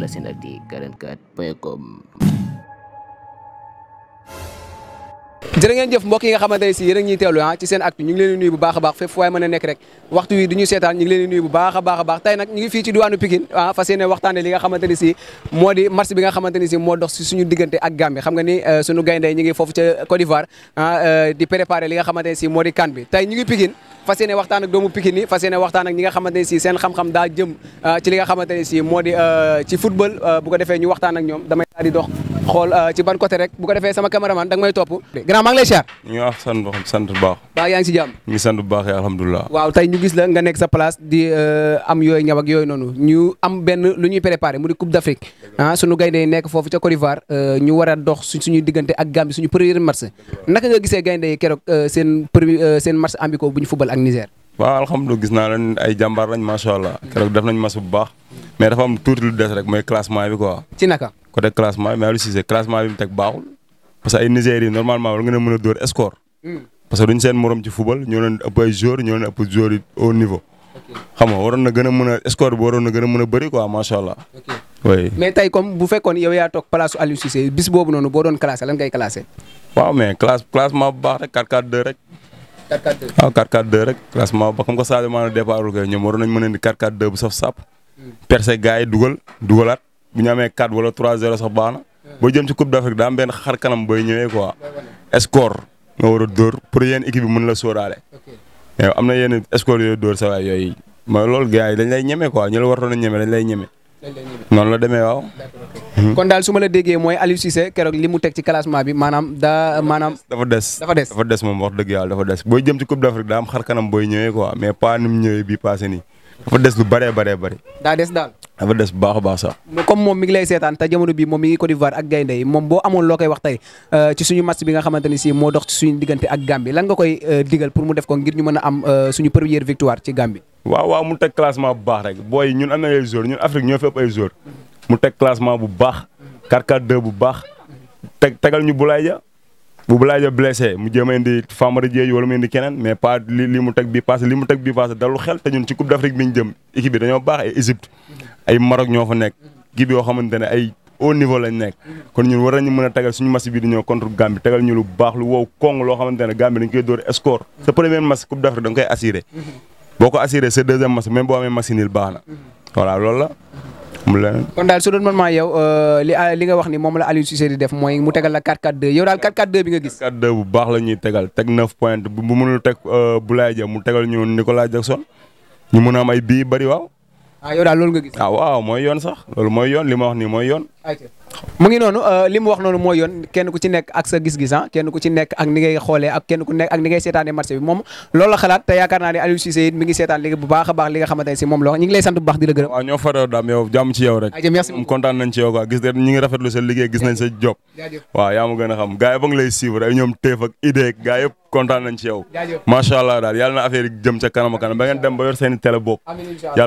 la senactu 44.com. jërë ngeen jëf mbokk yi nga xamante ne si yéen a ngi ah ci seen actu ñu ngi leen di nuyu bu baax a baax fépp fu waay mën a nekk rek waxtu wi du ñu seetaan ñu ngi leen di nuyu bu baax a baax a tey nag ñu ngi fii ci diwaanu Pikine ah fas yéene waxtaane li nga xamante ne si moo di match bi nga xamante ne si moo dox si suñu diggante ak Gambie xam nga ni euh, suñu gaynde ñu ngi foofu ca Côte d'Ivoire ah euh, di préparer li nga xamante ne si moo di CAN bi tey ñu ngi Pikine fas yéene waxtaan ak doomu Pikine yi fas yéene waxtaan ak ñi nga xamante si seen xam-xam daa jëm euh, ci li nga xamante si moo di euh, ci football euh, bu ko defee ñu waxtaan ak ñoom damay daal di topp grand maa ngi ñu gis la nga nekk sa place di am yooyu ñaw yooyu noonu ñu am benn lu ñuy préparé mu di Coupe d'Afrique ah suñu gaynde yi nekk foofu ca Côte d'Ivoire ñu war a dox suñu diggante ak Gambie suñu premier match naka nga gisee gaynde yi keroog seen premier seen match Niger. waaw alhamdulilah gis naa leen ay jàmbaar lañ macha allah keroog def nañ mas bu baax mais dafa am tuuti lu des rek mooy classement bi quoi. ci naka. côté classement bi mais Aliou Cissé classement bi mu teg baaxul parce que ay Niger yi normalement war nga leen mën a dóor score. Hmm. parce que duñ seen morom ci football ñoo leen ëpp ay joueurs ñoo leen ëpp joueurs yi au niveau. xam nga waroon na gën a mën a score bi waroon na gën a mën a bëri quoi macha allah. oui mais tey comme bu fekkoon yow yaa toog place su Aliou Cissé bis boobu noonu boo doon classé lan ngay classé. waaw mais classe classement bu baax rek 4-4-2 rek. 4-4-2 waaw 4-4-2 rek classement ba comme que Sadio Mané départul bu saf sàpp. Hmm. percé gars yi dugal bu ñu amee 4 wala 3-0 sax baax na. Hmm. boo jëm ci coupe d'Afrique daa am benn xar kanam booy ñëwee quoi. score nga war a dóor pour yéen équipe bi mën la sóoraale. mais am na yenn score yooyu dóor sa waay yooyu. mooy loolu gars yi dañ lay ñeme quoi ñu la waroon a ñeme lay ñeme. noonu la demee waaw. Hmm. kon daal su la déggee mooy Aliou Cissé keroog li mu teg ci classement bi maanaam daa maanaam. dafa des dafa des dafa des moom wax dëgg yàlla dafa des booy jëm ci coupe d'Afrique daa am xar kanam booy ñëwee quoi mais pas nu mu ñëwee bii passé nii dafa des lu bëree bëree bëri. dafa des bu baax a baax sax. comme moom mi ngi lay seetaan te jamono bii moom mi ngi Côte d'Ivoire ak gaynde yi moom boo amoon loo koy wax tey euh, ci suñu match bi nga xamante ni si moo dox ci suñu diggante ak Gambie lan koy euh, digal pour mu def ko ngir ñu mën a am euh, suñu première victoire ci Gambie. waaw waaw mu teg classement bu baax rek booy ñun am ay joueurs ñun Afrique ñoo fi ay joueurs mu teg classement bu baax 4-4-2 bu baax tegal ñu Boulaye Dia bu Boulaye Dia blessé mu jéem a indi Famara Diédhiou wala mu indi keneen mais pas li mu teg bii passé li mu teg bii passé dalul xel te ñun ci Coupe d'Afrique bi ñu jëm équipe dañoo baax ay Égypte ay Maroc ñoo fa nekk équipe yoo xamante ay au niveau lañ nekk kon ñun war nañu mën a tegal suñu match bi di ñëw contre Gambie tegal ñu lu baax lu wow kong loo xamante ne Gambie dañ koy dóor score sa premier match Coupe d'Afrique da koy assuré boo ko assuré sa deuxième mu leneen kon daal su doon man maa yow euh, li li nga wax ni moom la Aliou Cissé di def mooy mu tegal la 4-4-2 yow daal 4-4-2 bi nga gis. 4-4-2 bu baax la tegal teg 9 point bu mënul teg euh, Boulaye Dia mu tegal ñu Nicolas Jackson ñu mën a am ay bii yu bëri waaw. ah yow daal loolu nga gis. ah waaw mooy yoon sax loolu mooy yoon li ma wax nii mooy yoon. mu ngi noonu euh, li wax noonu mooy yoon ci nekk ak sa gis-gis ah kenn ku ci nekk ak ni ngay ak kenn ku nekk ak ni ngay seetaanee marché bi moom loolu la xalaat te yaakaar naa ne a baax li nga si moom rek moom kontaan nañ ci yow gis ñu ngi rafetlu sa a xam allah daal yàlla na affaire jëm ca kanam a kanam ba ngeen dem ba yor seen i télé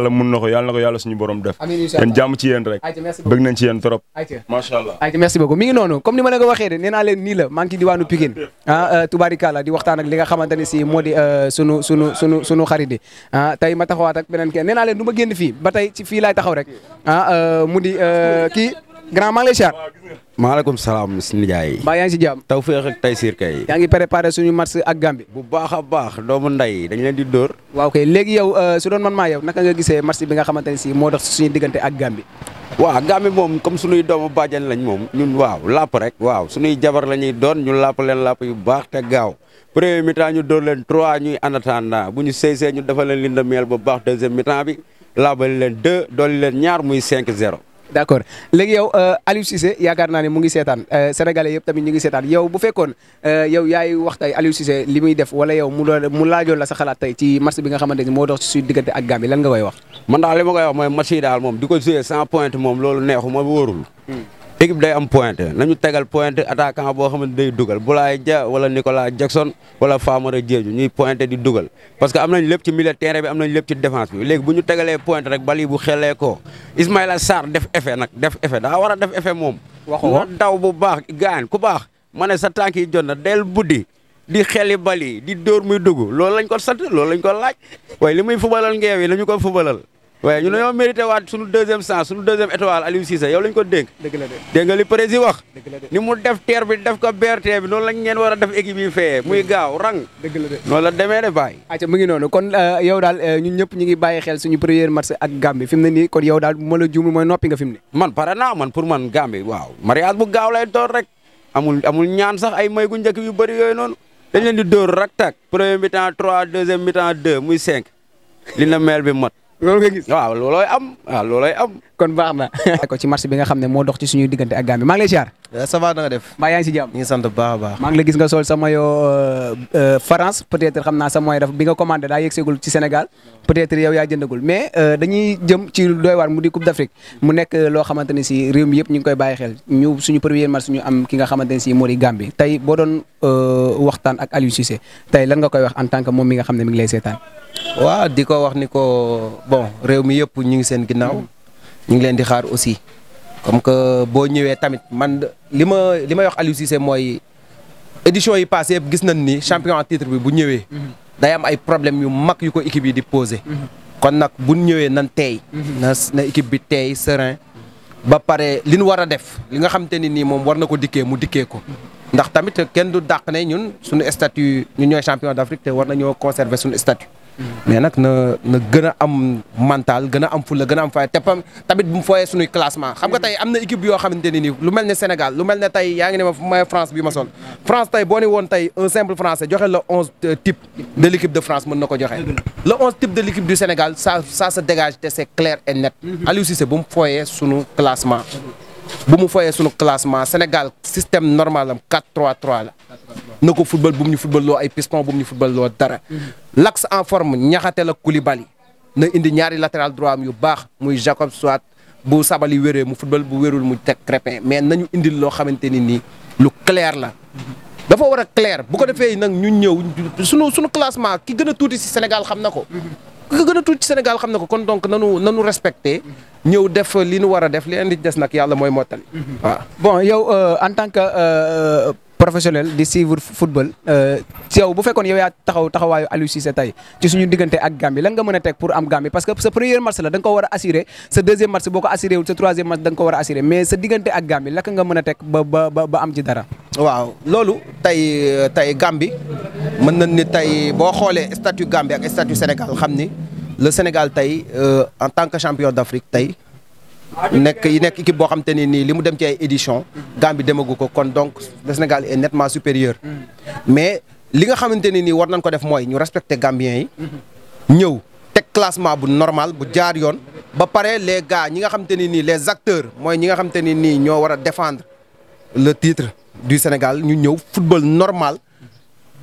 mun na ko yàlla na ko yàlla suñu borom def yéen jàmm ci yéen rek bëgg nañ ci yéen trop macha allah ayca merci beaucoup mi ngi noonu comme ni ma la ko waxee de nee naa leen nii la maa ngi ci diwaanu Pikine ah, euh, di waxtaan ak li nga xamante ne si moo di euh, sunu sunu sunu sunu xarit yi ah tey ma taxawaat ak beneen kenn nee naa leen du ma génn fi ba tey ci fii laay taxaw rek ah, euh, mu di kii grand maa ngi lay siyaar maaleykum salaam si nijaay mbaa yaa ngi si jàmm tawfeex ak taysiir kay yaa ngi préparé suñu match ak Gambie bu baax a baax doomu nday dañ leen di door waaw kay léegi yow su doon man maa yow naka nga gisee match bi nga xamante ne si moo dox suñu diggante ak Gambie waaw Gàmbi moom comme suñuy doomu bàjjan lañ moom ñun waaw làpp rek waaw suñuy jabar la ñuy doon ñu làpp leen làpp yu baax te gaaw premier mi ñu doon leen trois ñuy en attendant bu ñu seysee ñu defal leen lindamiel bu baax deuxième mi bi laabali leen deux dooli leen ñaar muy cinq zéro d' accord léegi yow euh, Aliou Cissé yaakaar naa ne mu ngi seetaan euh, sénégalais yëpp tamit ñu ngi seetaan yow bu fekkoon euh, yow yaay wax tey Aliou Cissé li muy def wala yow mu doon mu laajoon la sa xalaat tey ci match bi nga xamante ni moo dox ci suñu diggante ak Gambie lan nga koy wax. man daal li ma koy wax mooy match yi daal moom di ko joué pointe moom loolu neexu ma wóorul. Hmm. équipe day am pointe nañu tegal pointe attaquant boo xam ne day dugal Boulaye Dia wala Nicolas Jackson wala Famara Diédhiou ñuy pointe di dugal parce que am nañ lépp ci milieu terrain bi am nañ lépp ci défense bi léegi bu ñu tegalee pointe rek bali bu xelee ko Ismaïla Sarr def effet nag def effet daa war a def effet moom. waxoo daw bu baax gaañ ku baax ma ne jot na del buddi di xeli bali di dóor muy dugg loolu ko sant loolu ko laaj waaye li muy fubalal ngeew yi waaye ñu dañoo mérité waat suñu deuxième sens suñu deuxième étoile Aliou Cissé yow lañ ko dénk dégg nga li président wax ni mu def terre bi def ko BRT bi noonu lañ ngeen war a def équipe yi feyee muy gaaw rang noonu la demee de bàyyi acca mu ngi noonu kon euh, yow daal euh, ñun ñëpp ñu ngi bàyyi xel suñu premier match ak Gambie fi mu ne kon yow daal bu ma la juumul mooy noppi nga fi mu ne man pare naa man pour man Gambie waaw mariage bu gaaw lay door rek amul amul ñaan sax ay may gu njëkk yu bëri noonu dañ leen di dóor rak tak premier mi-temps trois deuxième mi-temps deux cinq li na mel bi mat loolu nga gis waaw loolooy am waaw am. kon baax na. ko ci marché bi nga xam ne moo dox ci suñuy diggante ak Gambie maa ngi lay siyaar. Eh, ça va na nga def. mbaa yaa ngi si a maa gis nga sol sama yoo euh, euh, France peut-être xam naa sa mooy daf bi nga commandé daa yegseegul ci Sénégal peut-être yow yaa jëndagul mais euh, dañuy jëm ci doy waar mu di Coupe d'Afrique mu nekk loo xamante ne si réew mi yëpp ñu ngi koy bàyyi xel ñu suñu premier match ñu am ki nga xamante ne si moo di Gambie tey boo doon waxtaan ak Aliou Cissé tey lan nga koy wax en tant que moom mi nga xam ne mi ngi lay seetaan waaw di ko wax ni ko bon réew mi yëpp ñu ngi seen ginnaaw ñu ngi leen di xaar aussi comme que boo ñëwee tamit man li ma li may wax Aliou mooy édition yi passé yëpp gis nañ ni champion en titre bi bu ñëwee mhm. day am ay problème yu mag yu ko équipe yi di posé mhm. kon nag bu ñëwee nan teey mhm. na na équipe bi teey serein ba pare li ñu war a def li nga xam te ni nii moom war na ko dikkee mu dikkee ko ndax tamit kenn du dàq ne ñun suñu statut ñu ñooy champion d'Afrique te war na ñoo conserver suñu statut mais nag na na a am mental gën am fulla gën am fay te tamit bu mu fooyee suñuy classement xam nga tey am na équipe yoo xamante ne nii lu mel ne Sénégal lu mel ne tey yaa ngi ne ma France bi ma sol France tey boo ne woon tey un simple français joxe la onze euh, type de l' de France mën na ko joxe le onze type de l' équipe du Sénégal ça ça se dégage te c' est clair et net mhm. Aliou Cissé bu mu fooyee suñu classement bu mu foyee sunu classement Sénégal système normal am 4-3-3 la. na ko football bu mu ñu football loo ay piston bu mu ñu football loo dara. l'axe en forme ñaxate la Koulibaly na indi ñaari latéral droit am yu baax muy Jacob soit bu sabali wéree mu football bu wérul mu teg Crépin mais nañu indil loo xamante ni nii lu clair la. dafa war a clair bu ko defee nag ñun ñëw sunu sunu classement ki gën tuuti si Sénégal xam na ko. ku gën a tuuti Sénégal xam na ko kon donc nanu nanu respecté ñëw def li nu war a def li indi des nag yàlla mooy mottali mm-hmm. waaw bon yow euh, en tant que euh, professionnel di suivre football euh, ci yow bu fekkoon yow yaa taxaw taxawaayu Aliou tey ci suñu diggante ak Gambie lan nga mën a teg pour am Gambie parce que sa premier match la da nga ko a assurer sa deuxième match boo ko assuré wul sa troisième match da nga ko a assurer mais sa diggante ak Gambie laka nga mën a teg ba am ci dara. waaw loolu tey euh, tey Gambie mën na ni tey boo xoolee statut Gambie ak statut Sénégal xam ni le Sénégal tey euh, en tant que champion d'Afrique tey. nekk yi nekk équipe boo xam te nii li mu dem ci ay édition Gambie demagu ko kon donc le Sénégal est nettement supérieur mais li nga xamante ne nii war nañ ko def mooy ñu respecter Gambiens yi ñëw teg classement bu normal bu jaar yoon ba pare les gars ñi nga xamante ne nii les acteurs mooy ñi nga xamante ne nii ñoo war a défendre le titre du Sénégal ñu ñëw football normal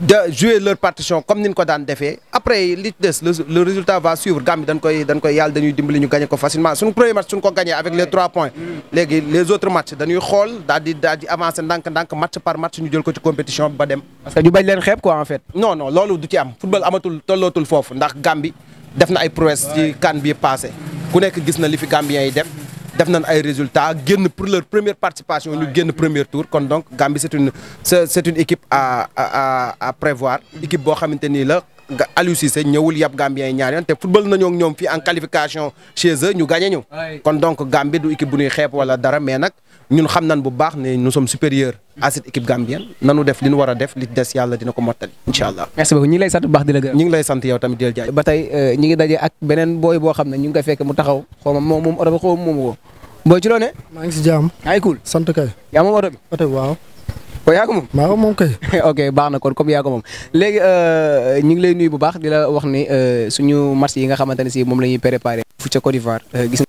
de jouer leur partition comme niñ ko daan defee après li des le résultat va suivre Gambie dañ koy dañ koy yàlla dañuy dimbali ñu gagné ko facilement suñu premier match suñ ko gagné avec les trois points léegi les autres matchs dañuy xool daal di daal di avancer ndànk-ndànk match par match ñu jël ko ci compétition bi ba dem. parce que ñu bañ leen xeeb quoi en fait. non non loolu du ci am football amatul tollootul foofu ndax Gambie def na ay prouesse ci CAN bi passé ku nekk gis na li fi Gambiens yi def. def nañ ay résultat génn pour leur première participation ñu génn premier tour kon donc Gambie c'est une c'est une équipe à à prévoir équipe boo xamante ni la Aliou Cissé ñëwul yàpp Gambien yi ñaar yoon te football nañoo ñoom fii en qualification chez eux ñu gagné ñu. kon donc Gambie du équipe bu ñuy xeeb wala dara mais nag ñun xam nañ bu baax ne nous sommes supérieurs à cette équipe gambienne nanu def li ñu war a def li des yàlla dina ko mottali incha allah. merci beaucoup ñu ngi lay ngi lay sant yow tamit euh, boo xam ne ñu ngi koy fekk mu taxaw xaw ma moom moom oto ba boo ci loo maa ngi si jàmm. yaa ngi sant kay. yaa moom oto bi. oto bi waaw. ko yaa ko moom. maa ko kay. baax na kon comme yaa ko moom léegi euh, ñu ngi lay nuyu bu baax di la wax ni euh, suñu match yi nga xamante ne si moom la ñuy préparé. fu ca Côte d'Ivoire euh, gis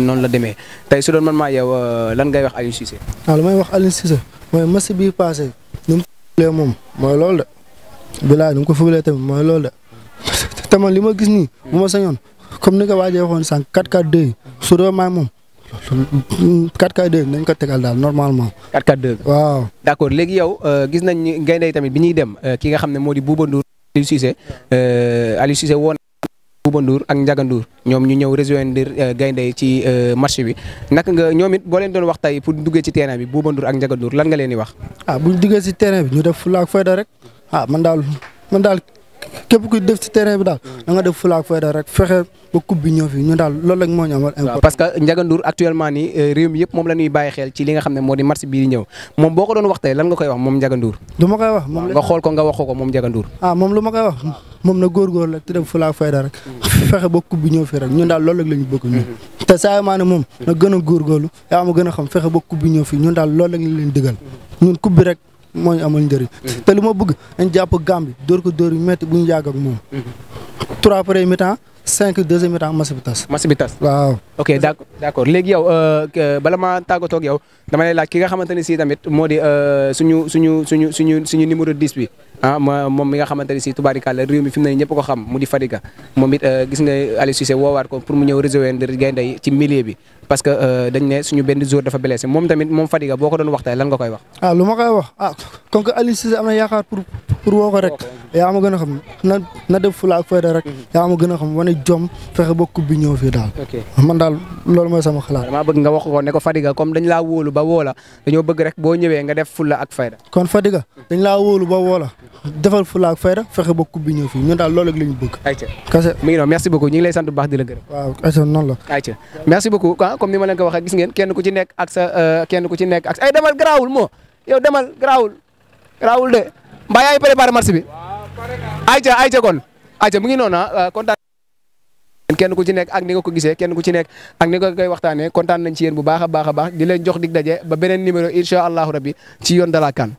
noonu la demee tey su doon man maa yow lan ngay wax Aliou Cissé. waaw ah, li may wax Aliou Cissé mooy match bii passé ni mu fulee moom mooy loolu de. bilaay ni mu ko fulee tamit mooy loolu de te li ma gis nii. bu ma sañoon comme ni ko waajee waxoon sànq 4-4-2 su doon maay moom. 442 nañ ko tegal daal normalement. 442 waaw. d' accord léegi yow euh, gis nañ ni Gaynde tamit bi ñuy dem euh, ki nga xam ne moo di Bouba Ndour Aliou Cissé euh, woon Bouba Ndour ak Ndiaga Ndour ñoom ñu ñëw rejoindre Gaynde ci match bi naka nga ñoom it boo leen doon wax tey pour duggee ci terrain bi Bouba Ndour ak Ndiaga Ndour lan nga leen di wax. ah bu duggee si terrain bi ñu def fulaak fayda rek ah man daal man daal képp kuy def ci terrain bi daal da nga def fulaak fayda rek fexe ba coupe ñëw fi ñun daal loolu rek bëgg ñun mhm. te saa maa moom na gën a góorgóorlu yaa ma gën a xam fexe ba coupe ñëw fi ñun daal loolu leen digal ñun coupe rek moo ñu amal njëriñ. Mhm. te li ma bëgg dañ jàpp Gambie dóor ko dóor moom. Mhm. trois mi-temps cinq deuxième temps match bi tas. match bi tas waaw. ok d' accord léegi yow euh, bala maa tàggatoo ak yow laaj ki nga xamante si tamit moo di euh, suñu suñu suñu suñu ah, moom mi nga xamante ne si tubaarikàlla réew mi fi mu ñëpp ko xam mu di Fadiga moom euh, gis nga Aliou Cissé ko pour mu ñëw rejoindre gaynde ci milieu bi parce que dañ ne suñu benn jour dafa blessé moom tamit moom Fadiga boo ko doon waxtaanee lan nga koy wax. ah lu ma koy wax ah comme que pour woo ko rek yaa gën a xam na na def fula ak fayda rek mhm. yaa gën a xam wane jom fexe ba coupe bi ñëw fii daal man daal loolu mooy sama xalaat dama bëgg nga wax ko ne ko Fadiga comme dañ laa wóolu ba woola dañoo bëgg rek boo ñëwee nga def fula ak fayda kon Fadiga dañ laa wóolu ba woola defal fula ak fayda fexe ba coupe bi ñëw fii ñun daal loolu rek la ñu bëgg kase mi ngi noonu merci beaucoup ñu ngi lay sant bu baax di la gërëm waaw ayca noonu la merci beaucoup ah, comme ni ma leen ko waxee gis ngeen kenn ku ci nekk ak sa euh, kenn ku ci nekk ak ay demal garaawul moo yow demal garaawul de mbaa yaa ngi préparé marché bi ayca ayca kon ayca mu ngi noonu ah, ah kontaan kenn ku ci nekk ak ni nga ko gisee kenn ku ci nekk ak ni ko koy waxtaanee kontaan nañ ci yéen bu baax a baax a baax di leen jox dig daje ba beneen numéro incha allahu rabbi ci yoon dala kan